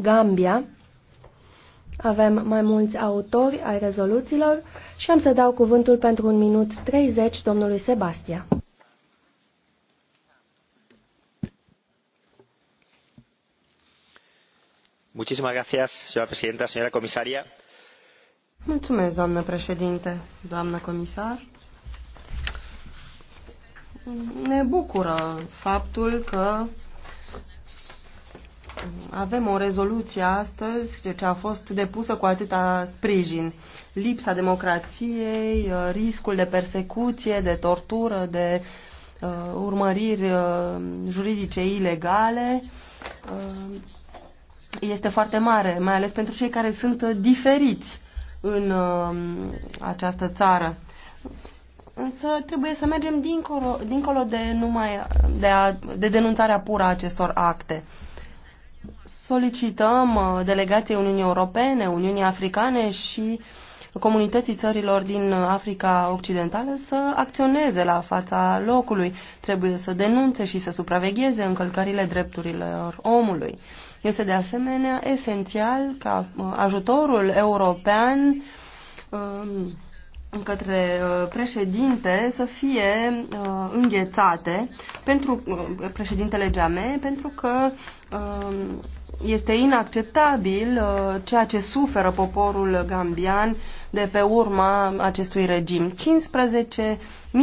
Gambia. Avem mai mulți autori ai rezoluțiilor și am să dau cuvântul pentru un minut 30 domnului Sebastia. Muchísimas gracias, señora presidenta, señora comisaria. Mulțumesc, doamnă președinte, doamnă comisar. Ne bucură faptul că avem o rezoluție astăzi ce deci a fost depusă cu atâta sprijin. Lipsa democrației, uh, riscul de persecuție, de tortură, de uh, urmăriri uh, juridice ilegale uh, este foarte mare, mai ales pentru cei care sunt diferiți în uh, această țară. Însă trebuie să mergem dincolo, dincolo de, numai, de, a, de denunțarea pură a acestor acte. Uh, solicităm uh, delegației Uniunii Europene, Uniunii Africane și comunității țărilor din Africa Occidentală să acționeze la fața locului. Trebuie să denunțe și să supravegheze încălcările drepturilor omului. Este de asemenea esențial ca uh, ajutorul european um, către uh, președinte să fie uh, înghețate pentru uh, președintele Geame, pentru că este inacceptabil ceea ce suferă poporul gambian de pe urma acestui regim. 15.000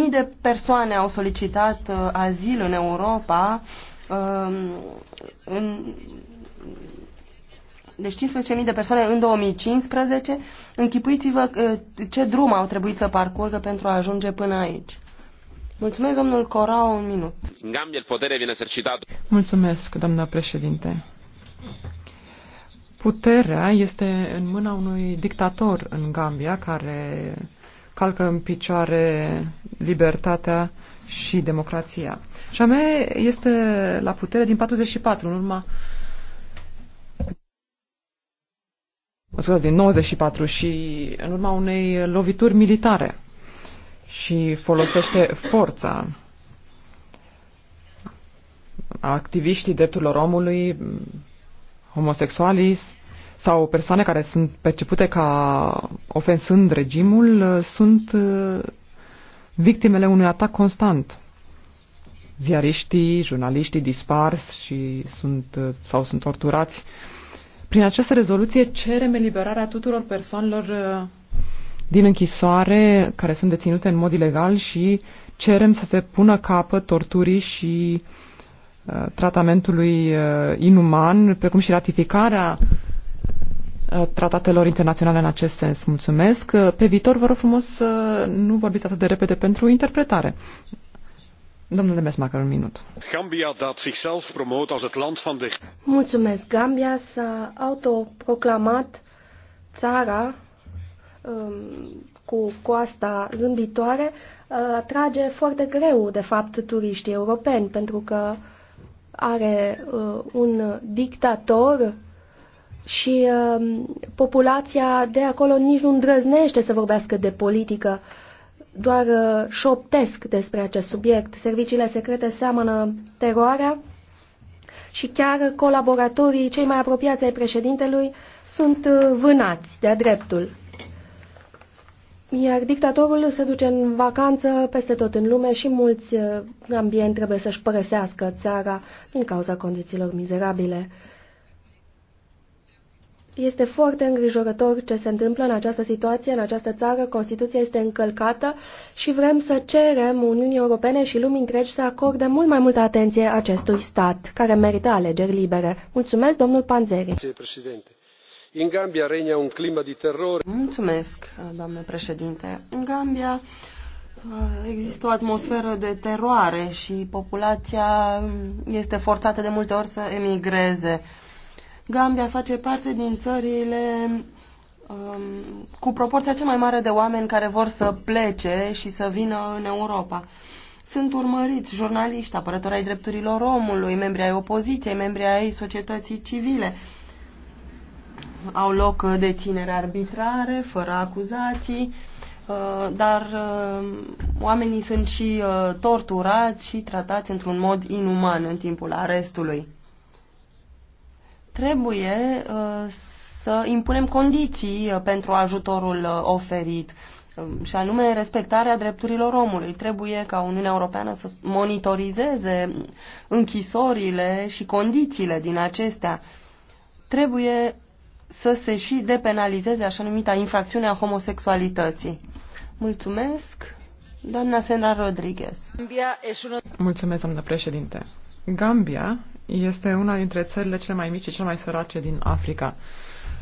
de persoane au solicitat azil în Europa în deci 15.000 de persoane în 2015, închipuiți-vă uh, ce drum au trebuit să parcurgă pentru a ajunge până aici. Mulțumesc, domnul cora un minut. În putere vine exercitat. Mulțumesc, doamna președinte. Puterea este în mâna unui dictator în Gambia care calcă în picioare libertatea și democrația. Jame este la putere din 44, în urma Mă scuzați, din 94 și în urma unei lovituri militare și folosește forța. Activiștii drepturilor omului, homosexualii sau persoane care sunt percepute ca ofensând regimul sunt uh, victimele unui atac constant. Ziariștii, jurnaliștii dispar și sunt, uh, sau sunt torturați. Uh, prin această rezoluție cerem eliberarea tuturor persoanelor uh, din închisoare care sunt deținute în mod ilegal și cerem să se pună capăt torturii și uh, tratamentului uh, inuman, precum și ratificarea tratatelor internaționale în acest sens. Mulțumesc. Pe viitor vă rog frumos să nu vorbiți atât de repede pentru interpretare. Domnule Mesmacher, un minut. Gambia dat zichzelf promoot als het land van de... Mulțumesc. Gambia s-a autoproclamat țara um, cu coasta zâmbitoare uh, atrage foarte greu, de fapt, turiștii europeni, pentru că are uh, un dictator și uh, populația de acolo nici nu îndrăznește să vorbească de politică. Uh, doar uh, șoptesc despre acest subiect. Serviciile secrete seamănă teroarea și chiar colaboratorii cei mai apropiați ai președintelui sunt uh, vânați de-a dreptul. Iar dictatorul se duce în vacanță peste tot în lume și mulți uh, ambieni trebuie să-și părăsească țara din cauza condițiilor mizerabile. Este foarte îngrijorător ce se întâmplă în această situație, în această țară. Constituția este încălcată și vrem să cerem Uniunii Europene și lumii întregi să acorde mult mai multă atenție acestui stat, care merită alegeri libere. Mulțumesc, domnul Panzeri. Președinte. În Gambia regna un clima de teror. Mulțumesc, doamne președinte. În Gambia uh, există o atmosferă de teroare și populația este forțată de multe ori să emigreze Gambia face parte din țările um, cu proporția cea mai mare de oameni care vor să plece și să vină în Europa. Sunt urmăriți jurnaliști, apărători ai drepturilor omului, membri ai opoziției, membri ai societății civile. Au loc deținere arbitrare, fără acuzații, uh, dar uh, oamenii sunt și uh, torturați și tratați într-un mod inuman în timpul arestului. Trebuie uh, să impunem condiții uh, pentru ajutorul uh, oferit um, și anume respectarea drepturilor omului. Trebuie ca Uniunea Europeană să monitorizeze închisorile și condițiile din acestea. Trebuie să se și depenalizeze așa numita infracțiunea homosexualității. Mulțumesc, doamna Sena Rodriguez. Mulțumesc, doamna președinte. Gambia este una dintre țările cele mai mici și cele mai sărace din Africa.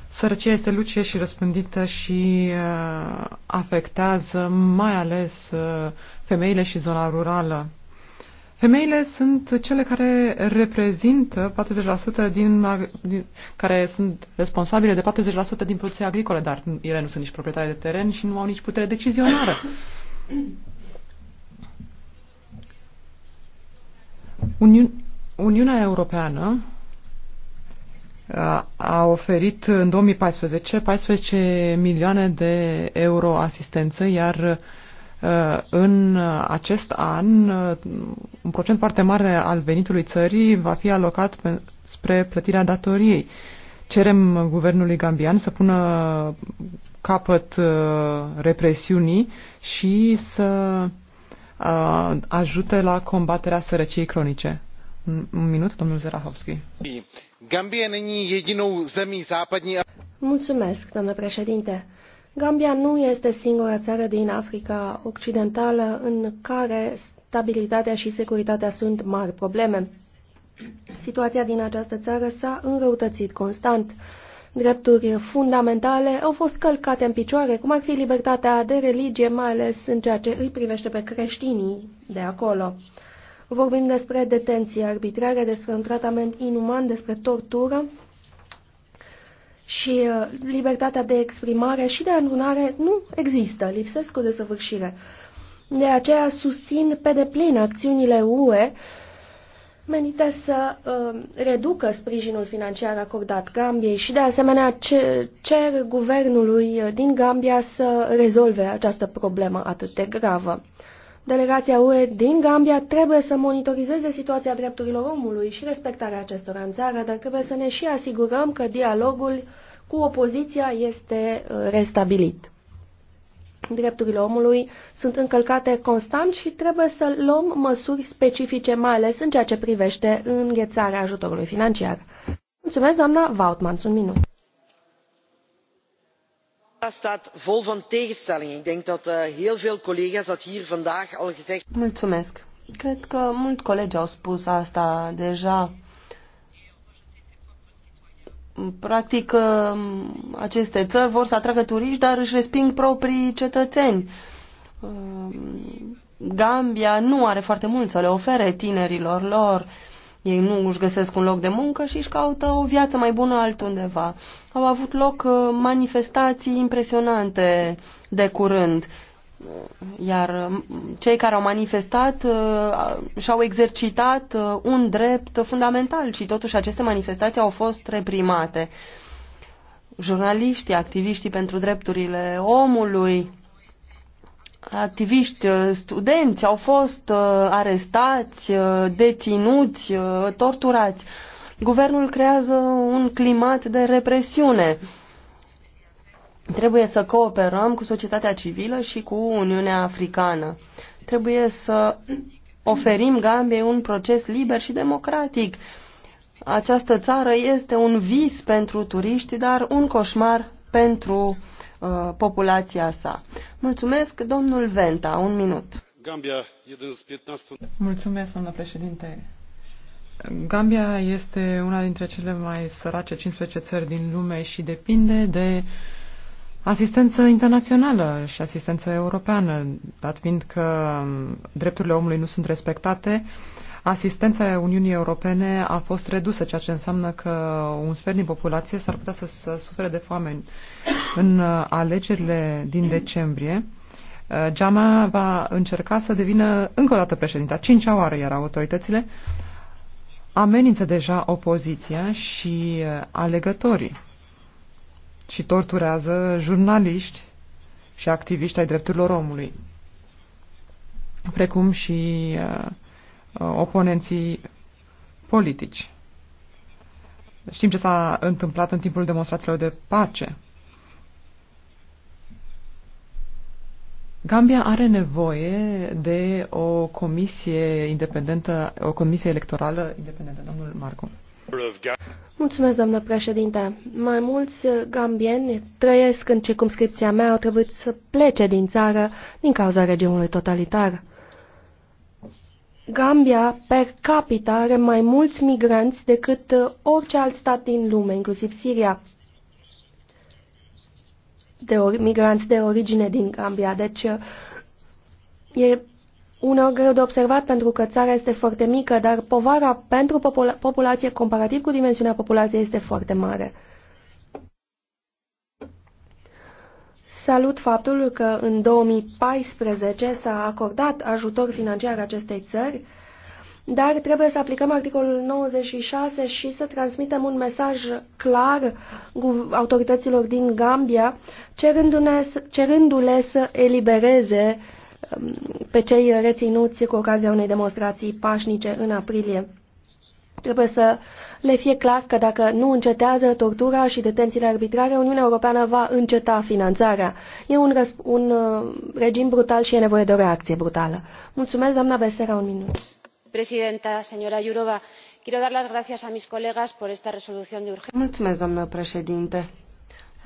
Sărăcia este lucie și răspândită și uh, afectează mai ales uh, femeile și zona rurală. Femeile sunt cele care reprezintă 40% din, din care sunt responsabile de 40% din producția agricole, dar ele nu sunt nici proprietare de teren și nu au nici putere decizionară. Uniun, Uniunea Europeană uh, a oferit în 2014 14 milioane de euro asistență, iar uh, în acest an uh, un procent foarte mare al venitului țării va fi alocat spre plătirea datoriei. Cerem guvernului gambian să pună capăt represiunii și să ajute la combaterea sărăciei cronice minut, Gambia doamnă președinte. Gambia nu este singura țară din Africa Occidentală în care stabilitatea și securitatea sunt mari probleme. Situația din această țară s-a înrăutățit constant. Drepturi fundamentale au fost călcate în picioare, cum ar fi libertatea de religie, mai ales în ceea ce îi privește pe creștinii de acolo. Vorbim despre detenție arbitrară, despre un tratament inuman, despre tortură și uh, libertatea de exprimare și de anunare nu există, lipsesc o desăvârșire. De aceea susțin pe deplin acțiunile UE menite să uh, reducă sprijinul financiar acordat Gambiei și de asemenea ce cer guvernului din Gambia să rezolve această problemă atât de gravă. Delegația UE din Gambia trebuie să monitorizeze situația drepturilor omului și respectarea acestora în țară, dar trebuie să ne și asigurăm că dialogul cu opoziția este uh, restabilit. Drepturile omului sunt încălcate constant și trebuie să luăm măsuri specifice, mai ales în ceea ce privește înghețarea ajutorului financiar. Mulțumesc, doamna Vautman, un minut staat vol van tegenstellingen. ik denk dat eh, heel veel collega's dat hier vandaag al gezegd hebben. Cred că mulți colegi au spus asta deja. Practic, eh, aceste țări vor să atragă turiști, dar își resping proprii cetățeni. Eh, Gambia nu are foarte mult să le ofere tinerilor lor. Ei nu își găsesc un loc de muncă și își caută o viață mai bună altundeva. Au avut loc uh, manifestații impresionante de curând, iar uh, cei care au manifestat uh, și-au exercitat un drept fundamental și totuși aceste manifestații au fost reprimate. Jurnaliștii, activiștii pentru drepturile omului, activiști, uh, studenți au fost uh, arestați, uh, deținuți, torturați. Guvernul creează un climat de represiune. Trebuie să cooperăm cu societatea civilă și cu Uniunea Africană. Trebuie să oferim Gambiei un proces liber și democratic. Această țară este un vis pentru turiști, dar un coșmar pentru uh, Uh, populația sa. Mulțumesc, domnul Venta, un minut. Gambia, 15... Mulțumesc, domnule președinte. Gambia este una dintre cele mai sărace 15 țări din lume și depinde de uh, asistență internațională și asistență europeană, dat fiind că um, drepturile omului nu sunt respectate, asistența Uniunii Europene a fost redusă, ceea ce înseamnă că un sfert din populație s-ar putea să, să sufere de foame. În uh, alegerile din decembrie, Geama uh, va încerca să devină încă o dată președinta, cincea oară, iar autoritățile amenință deja opoziția și uh, alegătorii și torturează jurnaliști și activiști ai drepturilor omului, precum și uh, uh, oponenții politici. Știm ce s-a întâmplat în timpul demonstrațiilor de pace. Gambia are nevoie de o comisie independentă, o comisie electorală independentă. Domnul Marco. Mulțumesc, doamnă președinte. Mai mulți gambieni trăiesc în circumscripția mea, au trebuit să plece din țară din cauza regimului totalitar. Gambia, per capita, are mai mulți migranți decât orice alt stat din lume, inclusiv Siria. De ori, migranți de origine din Gambia, deci e uneori greu de observat pentru că țara este foarte mică, dar povara pentru popula populație comparativ cu dimensiunea populației este foarte mare. Salut faptul că în 2014 s-a acordat ajutor financiar acestei țări, dar trebuie să aplicăm articolul 96 și să transmitem un mesaj clar autorităților din Gambia, cerându-le cerându să elibereze uh, pe cei reținuți cu ocazia unei demonstrații pașnice în aprilie. Trebuie să le fie clar că dacă nu încetează tortura și detențiile arbitrare, Uniunea Europeană va înceta finanțarea. E un, un uh, regim brutal și e nevoie de o reacție brutală. Mulțumesc, doamna Besera, un minut. Presidenta, señora Jurova, quiero dar las gracias a mis colegas por esta resolución de urgencia. Mulțumesc, doamnă președinte.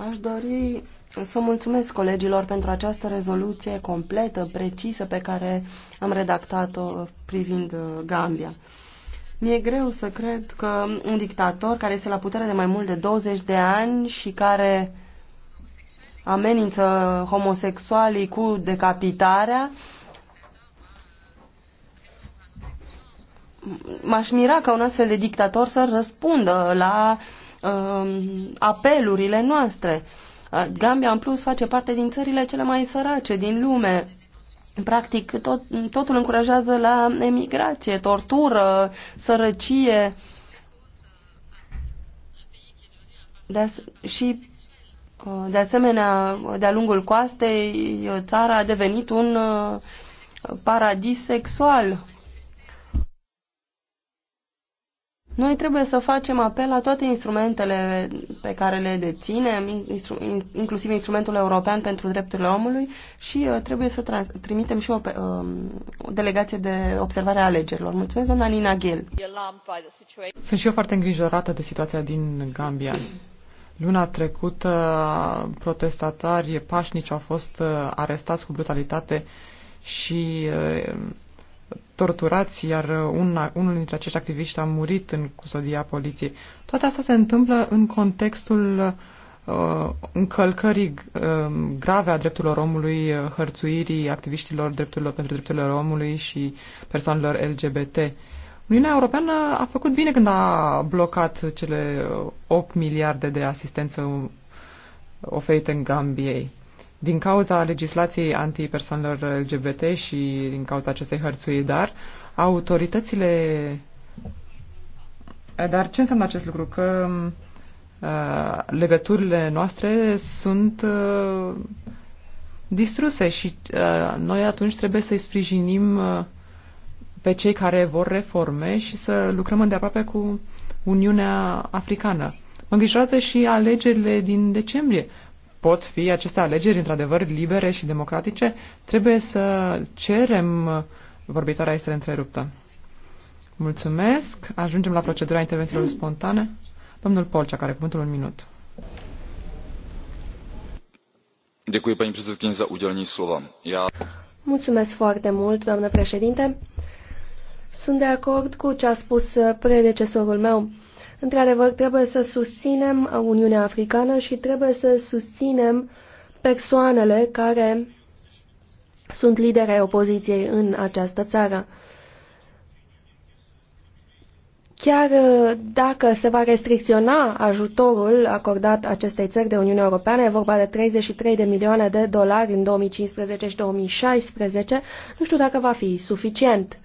Aș dori să mulțumesc colegilor pentru această rezoluție completă, precisă, pe care am redactat-o privind uh, Gambia. Mi-e greu să cred că un dictator care este la putere de mai mult de 20 de ani și care amenință homosexualii cu decapitarea, m-aș mira ca un astfel de dictator să răspundă la uh, apelurile noastre. Uh, Gambia, în plus, face parte din țările cele mai sărace din lume. Practic, tot, totul încurajează la emigrație, tortură, sărăcie. De și, de asemenea, de-a lungul coastei, țara a devenit un paradis sexual Noi trebuie să facem apel la toate instrumentele pe care le deținem, inclusiv instrumentul european pentru drepturile omului și uh, trebuie să trimitem și o, um, o delegație de observare a alegerilor. Mulțumesc, doamna Nina Ghel. Sunt și eu foarte îngrijorată de situația din Gambia. Luna trecută, protestatari pașnici au fost uh, arestați cu brutalitate și uh, torturați, iar una, unul dintre acești activiști a murit în custodia poliției. Toate astea se întâmplă în contextul uh, încălcării uh, grave a drepturilor omului, uh, hărțuirii activiștilor drepturilor pentru drepturile omului și persoanelor LGBT. Uniunea Europeană a făcut bine când a blocat cele 8 miliarde de asistență oferite în Gambiei din cauza legislației antipersonelor LGBT și din cauza acestei hărțui, dar autoritățile... Dar ce înseamnă acest lucru? Că uh, legăturile noastre sunt uh, distruse și uh, noi atunci trebuie să-i sprijinim uh, pe cei care vor reforme și să lucrăm îndeaproape cu Uniunea Africană. Mă îngrijorează și alegerile din decembrie pot fi aceste alegeri într-adevăr libere și democratice, trebuie să cerem. Uh, vorbitoarea este întreruptă. Mulțumesc. Ajungem la procedura intervențiilor spontane. Domnul Polcea, care cuvântul un minut. Děkuji, paní předsedkyně, za udělení slova. Já... Mulțumesc foarte mult, doamnă președinte. Sunt de acord cu ce a spus predecesorul meu. Într-adevăr, trebuie să susținem Uniunea Africană și trebuie să susținem persoanele care sunt lideri ai opoziției în această țară. Chiar uh, dacă se va restricționa ajutorul acordat acestei țări de Uniunea Europeană, e vorba de 33 de milioane de dolari în 2015 și 2016, nu știu dacă va fi suficient.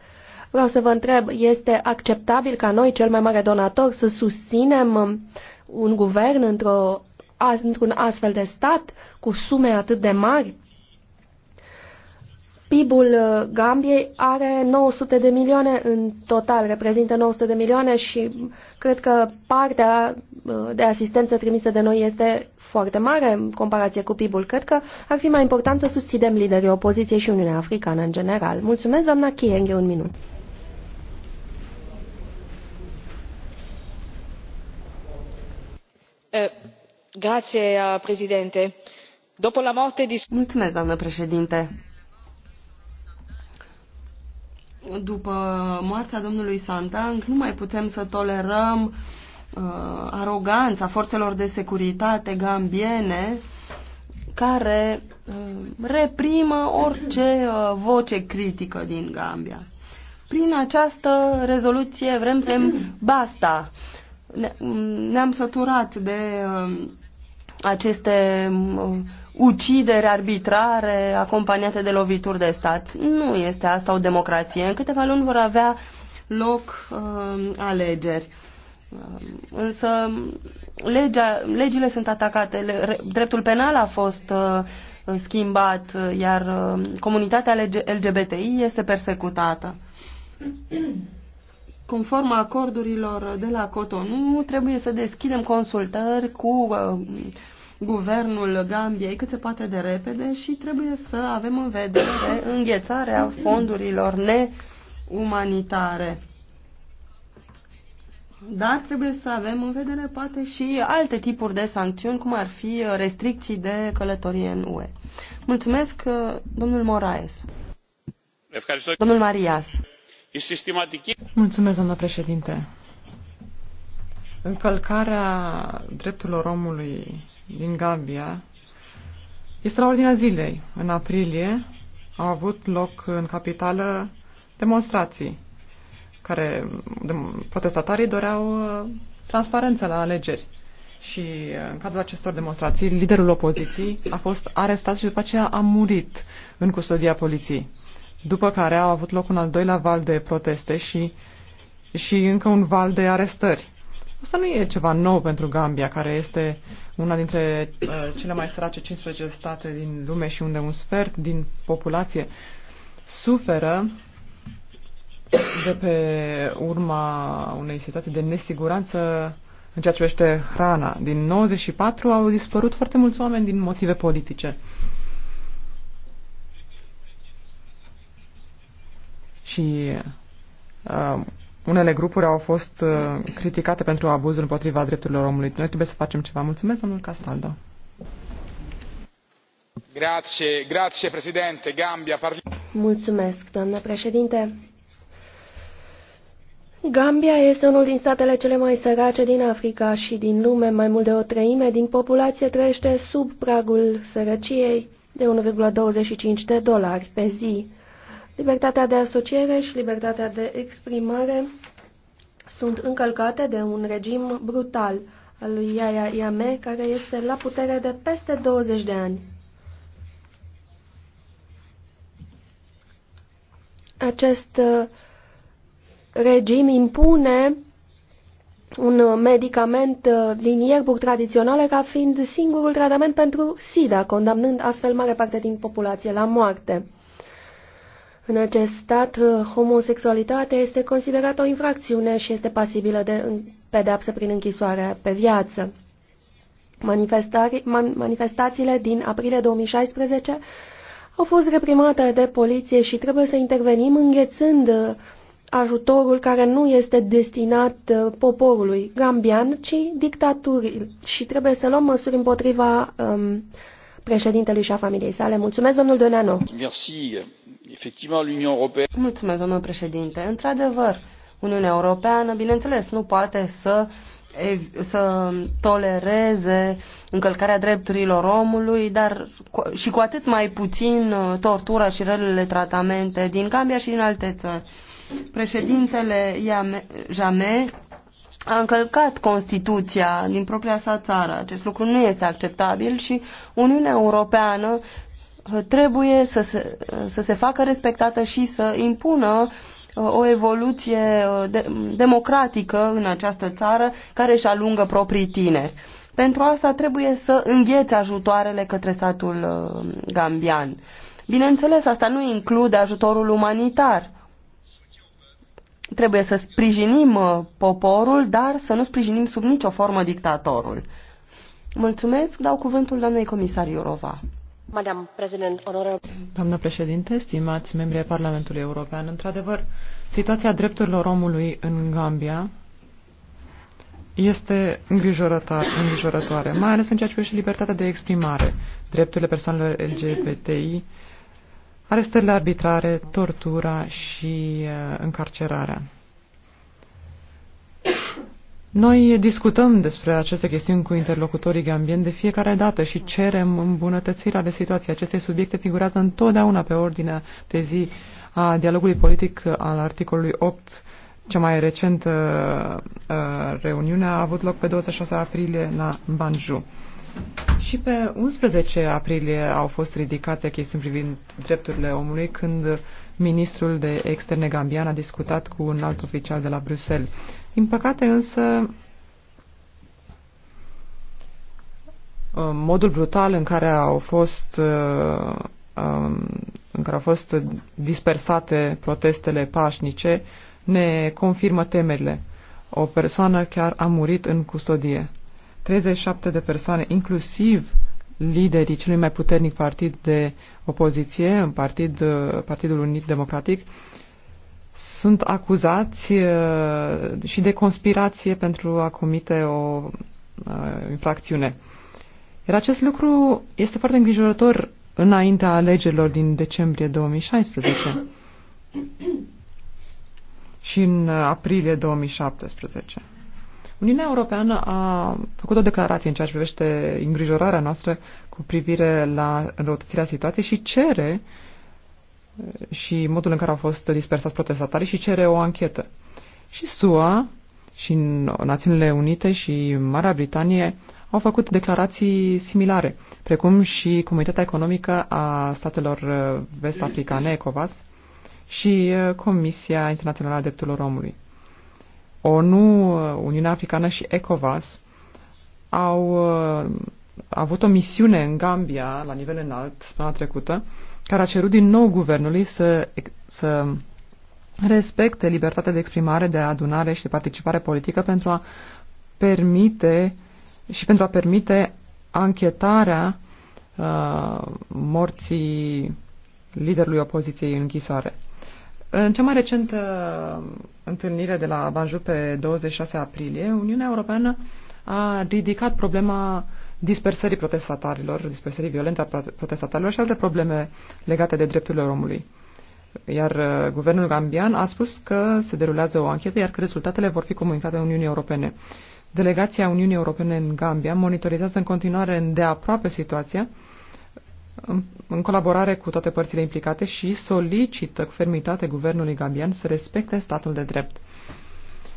Vreau să vă întreb, este acceptabil ca noi, cel mai mare donator, să susținem um, un guvern într-o, într-un astfel de stat cu sume atât de mari? PIB-ul uh, Gambiei are 900 de milioane în total, reprezintă 900 de milioane și cred că partea uh, de asistență trimisă de noi este foarte mare în comparație cu PIB-ul. Cred că ar fi mai important să susținem liderii opoziției și Uniunea Africană în general. Mulțumesc, doamna Chienghe, un minut. Eh, eh, doamnă președinte după moartea domnului sandang nu mai putem să tolerăm uh, aroganța forțelor de securitate gambiene care uh, reprimă orice uh, voce critică din Gambia. Prin această rezoluție vrem să basta ne-am săturat de um, aceste um, ucideri arbitrare acompaniate de lovituri de stat. Nu este asta o democrație. În câteva luni vor avea loc uh, alegeri. Uh, însă legea, legile sunt atacate, le, dreptul penal a fost uh, schimbat, iar comunitatea LGBTI este persecutată conform acordurilor de la Cotonou, trebuie să deschidem consultări cu uh, guvernul Gambiei cât se poate de repede și trebuie să avem în vedere înghețarea fondurilor neumanitare. Dar trebuie să avem în vedere poate și alte tipuri de sancțiuni, cum ar fi restricții de călătorie în UE. Mulțumesc, uh, domnul Moraes. Domnul Marias. Mulțumesc, doamnă președinte. Încălcarea drepturilor omului din Gambia este la ordinea zilei. În aprilie au avut loc în capitală demonstrații care protestatarii doreau uh, transparență la alegeri. Și uh, în cadrul acestor demonstrații, liderul opoziției a fost arestat și după aceea a murit în custodia poliției după care a avut loc un al doilea val de proteste și, și încă un val de arestări. Asta nu e ceva nou pentru Gambia, care este una dintre uh, cele mai sărace 15 state din lume și unde un sfert din populație suferă de pe urma unei situații de nesiguranță în ceea ce privește hrana. Din 94 au dispărut foarte mulți oameni din motive politice. Uh, și uh, unele grupuri au fost uh, criticate pentru abuzul împotriva drepturilor omului. Noi trebuie să facem ceva. Mulțumesc, domnul Castaldo. Grazie, grazie, președinte. Gambia, parli... Mulțumesc, doamnă președinte. Gambia este unul din statele cele mai sărace din Africa și din lume. Mai mult de o treime din populație trăiește sub pragul sărăciei de 1,25 de dolari pe zi. Libertatea de asociere și libertatea de exprimare sunt încălcate de un regim brutal al lui Iaia Iame, care este la putere de peste 20 de ani. Acest uh, regim impune un medicament din uh, ierburi tradiționale ca fiind singurul tratament pentru SIDA, condamnând astfel mare parte din populație la moarte. În acest stat, uh, homosexualitatea este considerată o infracțiune și este pasibilă de pedeapsă prin închisoare pe viață. Manifestațiile din aprilie 2016 au fost reprimate de poliție și trebuie să intervenim înghețând uh, ajutorul care nu este destinat uh, poporului gambian, ci dictaturii și trebuie să luăm măsuri împotriva um, președintelui și a familiei sale. Mulțumesc, domnul Doneanu. Mulțumesc, domnul președinte. Într-adevăr, Uniunea Europeană, bineînțeles, nu poate să, să tolereze încălcarea drepturilor omului, dar cu, și cu atât mai puțin uh, tortura și relele tratamente din Gambia și din alte țări. Președintele Jame a încălcat Constituția din propria sa țară. Acest lucru nu este acceptabil și Uniunea Europeană trebuie să se, să se facă respectată și să impună uh, o evoluție uh, de, democratică în această țară care își alungă proprii tineri. Pentru asta trebuie să înghețe ajutoarele către statul uh, gambian. Bineînțeles, asta nu include ajutorul umanitar. Trebuie să sprijinim poporul, dar să nu sprijinim sub nicio formă dictatorul. Mulțumesc, dau cuvântul doamnei comisar Iurova. Doamnă președinte, stimați membri ai Parlamentului European, într-adevăr, situația drepturilor omului în Gambia este îngrijorătoare, mai ales în ceea ce privește libertatea de exprimare, drepturile persoanelor LGBTI, arestările arbitrare, tortura și uh, încarcerarea. Noi discutăm despre aceste chestiuni cu interlocutorii gambieni de fiecare dată și cerem îmbunătățirea de situație. Aceste subiecte figurează întotdeauna pe ordinea de zi a dialogului politic al articolului 8. Cea mai recentă uh, reuniune a avut loc pe 26 aprilie la Banjou. Și pe 11 aprilie au fost ridicate chestiuni privind drepturile omului când ministrul de externe gambian a discutat cu un alt oficial de la Bruxelles. Din păcate însă, uh, modul brutal în care au fost uh, um, în care au fost dispersate protestele pașnice ne confirmă temerile. O persoană chiar a murit în custodie. 37 de persoane, inclusiv liderii celui mai puternic partid de opoziție, în partid, uh, Partidul Unit Democratic, sunt acuzați uh, și de conspirație pentru a comite o uh, infracțiune. Iar acest lucru este foarte îngrijorător înaintea alegerilor din decembrie 2016 și în aprilie 2017. Uniunea Europeană a făcut o declarație în ceea ce privește îngrijorarea noastră cu privire la înrăutățirea situației și cere eh, și modul în care au fost dispersați protestatarii și cere o anchetă. Și SUA și Națiunile Unite și Marea Britanie au făcut declarații similare, precum și Comunitatea Economică a Statelor eh, Vest-Africane, ECOWAS, și eh, Comisia Internațională a Drepturilor Omului. ONU, Uniunea Africană și ECOVAS au uh, avut o misiune în Gambia, la nivel înalt, săptămâna trecută, care a cerut din nou guvernului să, să respecte libertatea de exprimare, de adunare și de participare politică pentru a permite și pentru a permite anchetarea uh, morții liderului opoziției în închisoare. În cea mai recentă uh, întâlnire de la Banjul pe 26 aprilie, Uniunea Europeană a ridicat problema dispersării protestatarilor, dispersării violente a protestatarilor și alte probleme legate de drepturile omului. Iar uh, guvernul gambian a spus că se derulează o anchetă, iar că rezultatele vor fi comunicate Uniunii Europene. Delegația Uniunii Europene în Gambia monitorizează în continuare îndeaproape situația în colaborare cu toate părțile implicate și solicită cu fermitate guvernului gambian să respecte statul de drept.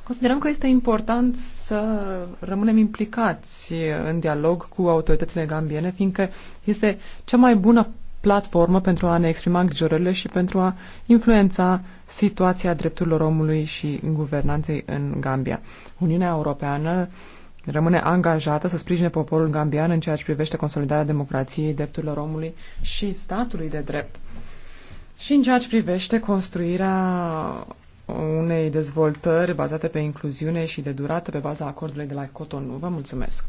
Considerăm că este important să rămânem implicați în dialog cu autoritățile gambiene, fiindcă este cea mai bună platformă pentru a ne exprima îngrijorările și pentru a influența situația drepturilor omului și guvernanței în Gambia. Uniunea Europeană rămâne angajată să sprijine poporul gambian în ceea ce privește consolidarea democrației, drepturilor omului și statului de drept. Și în ceea ce privește construirea unei dezvoltări bazate pe incluziune și de durată pe baza acordului de la Cotonou. Vă mulțumesc!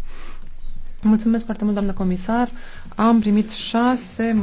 Mulțumesc foarte mult, doamnă comisar. Am primit șase